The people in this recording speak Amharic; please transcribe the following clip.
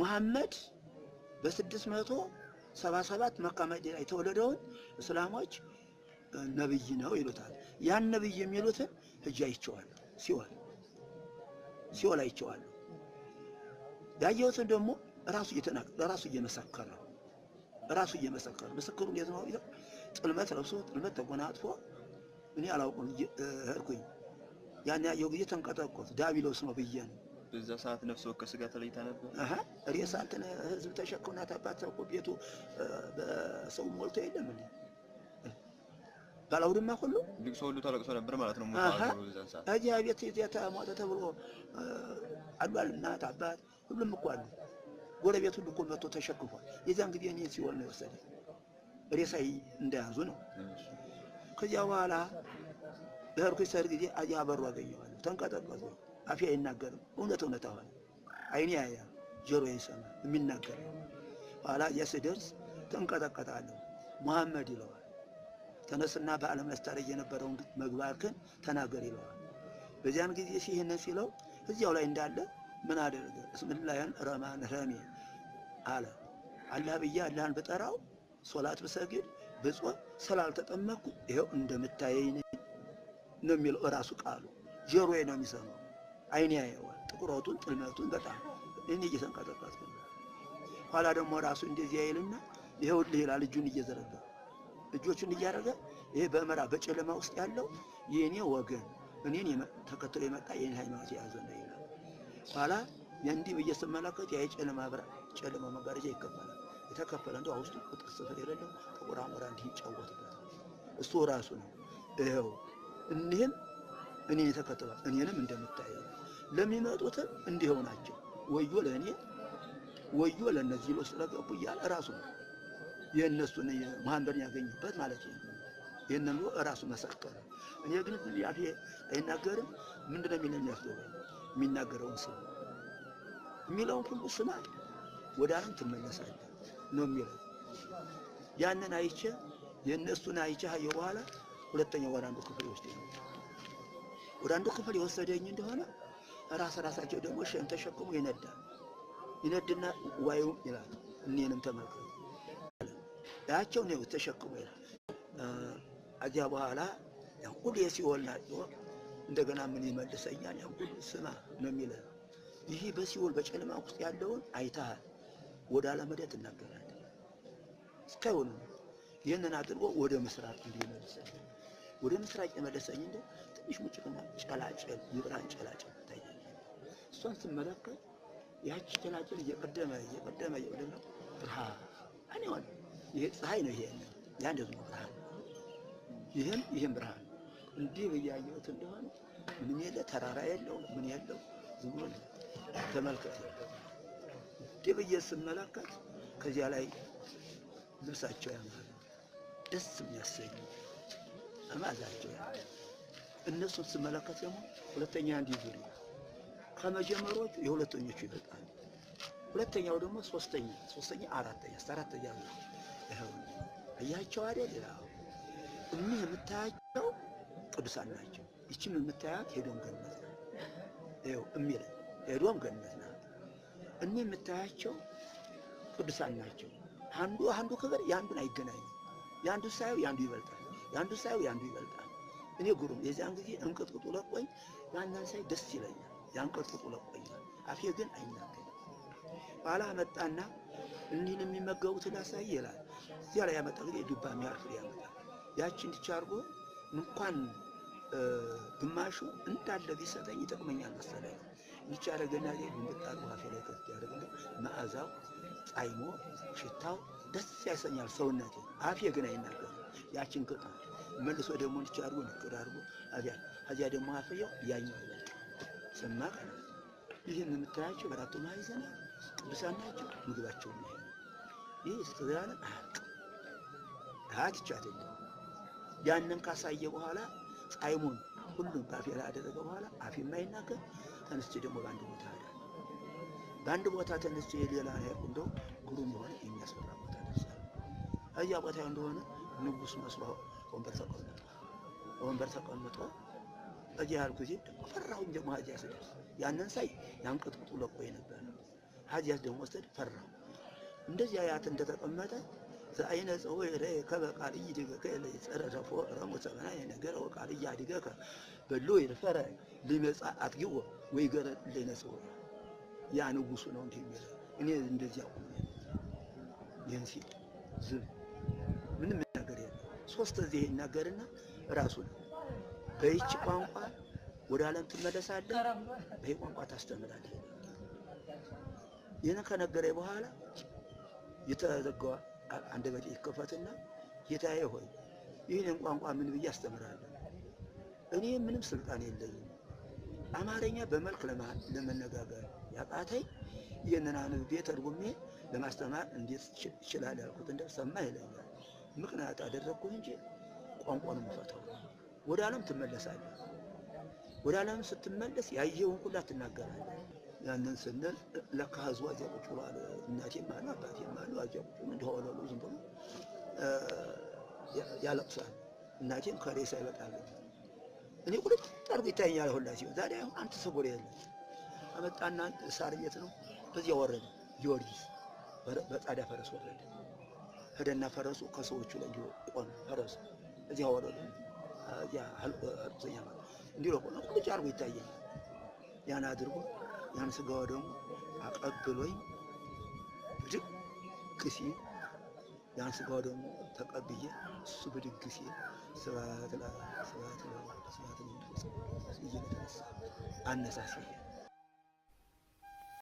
ሙሐመድ በ677 መካ መዲና የተወለደውን እስላሞች ነብይ ነው ይሉታል። ያን ነብይ የሚሉትን እጅ አይቼዋለሁ። ሲወል ሲወል አይቼዋለሁ። ያየሁትን ደግሞ ራሱ እየተናገ ራሱ እየመሰከረ ራሱ እየመሰከረ ምስክሩ እንዴት ነው? ጥልመት ለብሶ ጥልመት ተጎናጥፎ እኔ አላውቅም እርኩኝ ያን ያየው ጊዜ ተንቀጠቆት ዳቢሎስ ነው ብዬ ነው በዛ ሰዓት ነፍስ ወከፍ ስጋ ተለይታ ነበር። ሬሳ እንትን ህዝብ ተሸክምናት አባት ሰው እኮ ቤቱ በሰው ሞልቶ የለም እንዴ ባላውድማ ሁሉ ልቅሶ ሁሉ ተለቅሶ ነበር ማለት ነው። እዚያ ቤት የት ሞተ ተብሎ አሏል። እናት አባት ሁሉም እኮ አሉ። ጎረቤት ሁሉ እኮ መጥቶ ተሸክፏል። የዚያን ጊዜ እኔ ሲወል ነው የወሰደ ሬሳይ እንደያዙ ነው። ከዚያ በኋላ በሄድኩኝ ሰርግ ጊዜ አያ በሩ አገኘዋለሁ ተንቀጠቀጡ አፊ አይናገርም። እውነት እውነት ሆነ። አይኒ ያያ ጆሮ ይሰማ የሚናገር ኋላ የስደርስ ትንቀጠቀጣለሁ። መሐመድ ይለዋል። ተነስና በዓለም ላስታረይ የነበረውን ምግባርክን ተናገር ይለዋል። በዚያን ጊዜ ሲህንን ሲለው እዚያው ላይ እንዳለ ምን አደረገ? እስምላህን ረማን ረሜ አለ። አላህ ብዬ አላህን ብጠራው ሶላት ብሰግድ ብጾም ስላልተጠመኩ ይኸው እንደምታየኝ ነው የሚለው እራሱ ቃሉ ጆሮዬ ነው የሚሰማው። አይኔ ያየዋል። ጥቁረቱን፣ ጥልመቱን በጣም እኔ እየተንቀጠቀጥኩ ኋላ ደግሞ ራሱ እንደዚህ አይልና ይሄው ይላል እጁን እየዘረጋ እጆቹን እያደረገ ይሄ በመራ በጨለማ ውስጥ ያለው የእኔ ወገን እኔን ተከትሎ የመጣ የኔ ሃይማኖት የያዘ ነው ይላል። ኋላ እንዲህ እየተመለከት ያ የጨለማ ብራ ጨለማ መጋረጃ ይከፈላል። የተከፈለ እንደው አውስጡ ቁጥር ስፍር የሌለው ጥቁር አሞራ እንዲህ ይጫወትበታል። እሱ ራሱ ነው ይኸው እኒህም እኔ የተከተሉ እኔንም እንደምታየው ለሚመጡትም እንዲሆናቸው ናቸው። ወዮ ለእኔ ወዮ ለእነዚህ ብሎ ስለገቡ እያለ ራሱ የእነሱን መሐመድን ያገኝበት ማለት ነው። ይህንን ራሱ መሰከረ። እኔ ግን ያፌ አይናገርም። ምንድነው የሚለው የሚያስደውል የሚናገረውን ስማ፣ የሚለውን ሁሉ ስማ፣ ወደ ዓለም ትመለሳለህ ነው የሚለው። ያንን አይቼ የእነሱን አይቼ አየሁ። በኋላ ሁለተኛው ወደ አንዱ ክፍል ውስጥ ነው ወደ አንዱ ክፍል የወሰደኝ እንደሆነ ራስ ራሳቸው ደግሞ ሸን ተሸክሞ ይነዳል። ይነድና ዋዩ ይላል። እኔንም ተመልከቱ ያቸው ነው ተሸክሞ ይላል። አዚያ በኋላ ያው ሁሉ የሲኦል ናጮ እንደገና ምን ይመልሰኛል? ያው ሁሉ ስማ ነው የሚለው። ይህ በሲኦል በጨለማ ውስጥ ያለውን አይተሃል፣ ወደ አለመዳን ትናገራለህ። እስካሁን ይህንን አድርጎ ወደ ምስራቅ እንዲመልሰኝ ወደ ምስራቅ የመለሰኝ እንደ ትንሽ ሙጭቅና ጨላጭል የብርሃን ጨላጭል ይታያል። እሷን ስመለከት ያቺ ጨላጭል እየቀደመ እየቀደመ እየቀደመ ብርሃን እኔ ሆነ ይሄ ፀሐይ ነው። ይሄ ያ ደግሞ ብርሃን ይህም ይህም ብርሃን እንዲህ ብያየሁት እንደሆነ ምን የለ ተራራ የለው ምን የለው ዝም ብሎ ተመልከት የለው እንዲህ ብዬ ስመለከት ከዚያ ላይ ልብሳቸው ያማረ ደስ የሚያሰኝ አማዛቸው ያማረ እነሱን ስመለከት ደግሞ ሁለተኛ እንዲዙ ከመጀመሪያዎቹ የሁለተኞቹ ይበልጣሉ። ሁለተኛው ደግሞ ሶስተኛ፣ ሶስተኛ አራተኛ፣ አራተኛ ነው። ይሄው አያቸው አይደል? ያው እኒህ የምታያቸው ቅዱሳን ናቸው። ይችን የምታያት ሄዶም ገነት ናት። ይሄው እሚል ሄዶም ገነት ናት። እኒህ የምታያቸው ቅዱሳን ናቸው። አንዱ አንዱ ክብር የአንዱን አይገናኝም። የአንዱ ሳይው የአንዱ ይበልጣል። የአንዱ ሳይው የአንዱ ይበልጣል። እኔ ግሩም የዚያን ጊዜ እንቅጥቅጡ ለቆኝ ያንን ሳይ ደስ ይለኛል። ያንቅጥቅጡ ለቆኛል፣ አፌ ግን አይናገርም። ኋላ መጣና እንዲህን የሚመገቡትን አሳይ ይላል። እዚያ ላይ ያመጣ ጊዜ ዱባ የሚያርፍ ያመጣ ያችን ትቼ አድርጎ እንኳን ግማሹ እንዳለ ቢሰጠኝ ይጠቅመኛል መሰለኝ። ይቺ አደረገና እንድጣሉ አፌ ላይ ከፍ ያደረገ መዓዛው፣ ጣዕሙ፣ ሽታው ደስ ያሰኛል ሰውነቴ። አፌ ግን አይናገርም ያችን ቅጣ መልሶ ደግሞ እንዲቻ አድርጎ ንቅር አድርጎ አዚያ አዚያ ደግሞ አፈየው ያኛው ይበልጥ ሰማ ቀና ይህን የምታያቸው በአራቱ ማዕዘናት ቅዱሳን ናቸው። ምግባቸው ነው ይህ ዘላለም አያልቅ ሀት ይቻትለ ያንን ካሳየ በኋላ ጻይሙን ሁሉም በአፌ ላይ አደረገ በኋላ አፌ የማይናገር ተነስቼ ደግሞ በአንድ ቦታ አለ በአንድ ቦታ ተነስቼ የሌላ ሀይቁ እንደው ግሩም የሆነ የሚያስፈራ ቦታ ደርሳል። እዚያ ቦታ እንደሆነ ንጉስ መስሎ ወንበር ተቀመጠ። ወንበር ተቀምጦ እዚህ ያልኩ ጊዜ ፈራሁኝ። ደግሞ ሀጂያስ ደርስ ያንን ሳይ ያንቅጥቁጡ ለቆ የነበረ ሀጂያስ ደግሞ ወሰድ ፈራሁ። እንደዚህ አያት እንደተቀመጠ ዘአይነ ጽሁ ረ ከበቃል እይድገከ ለጸረረፎ ረሞሰበና የነገረ ወቃል እያድገከ በሎ ይርፈረ ሊመጻ አትግቦ ወይ ገረ ለነጽሁ ያ ንጉሱ ነው እንዲህ የሚለው እኔ እንደዚያ ይህን ሲል ዝም ሶስት ጊዜ ይናገርና ራሱን በይቺ ቋንቋ ወደ ዓለም ትመለሳለህ፣ በይህ ቋንቋ ታስተምራለህ። ይህን ከነገረ በኋላ የተዘጋው በጭ ይከፈትና ጌታዬ ሆይ ይህንን ቋንቋ ምን ብዬ አስተምራለሁ? እኔ ምንም ስልጣን የለኝም። አማርኛ በመልክ ለመነጋገር ያቃተኝ ይህንን አንብቤ ተርጉሜ ለማስተማር እንዴት ይችላል ያልኩት እንደሰማ ይለኛል። ምክንያት አደረግኩህ እንጂ ቋንቋን የምፈታው ወደ ዓለም ትመለሳለህ። ወደ ዓለም ስትመለስ ያየውን ሁላ ትናገራለህ። ያንን ስንል ለካ ህዝቡ አዚያ ቁጭ ብሎ አለ። እናቴም አለ አባቴም አለ አዚያ ቁጭ ብሎ ዝም ብሎ ያለቅሳል። እናቴም ከሬሳ ይበጣለች። እኔ ቁልጥ አድርጎ ይታየኛል ሁላ ሲሆን ዛሬ አሁን አንተ ሰጎር የለ አመጣና ሳር ቤት ነው። በዚያ ወረደ ጊዮርጊስ በጻዳ ፈረስ ወረደ። ሄደና ፈረሱ ከሰዎቹ ላይ ቆመ። ፈረሱ እዚያ ወረዱ። እዚያ እርኩሰኛ ማለት እንዲህ ነው። ቆነ ቁጭ አድርጎ ይታየኝ። ያን አድርጎ ያን ስጋው ደግሞ አቀብሎኝ ብድግ ሲል ያን ስጋው ደግሞ ተቀብዬ እሱ ብድግ ሲል ስብሐት ለአብ ወስብሐት ለወልድ ወስብሐት ለመንፈስ ቅዱስ እየተነሳ አነሳሴ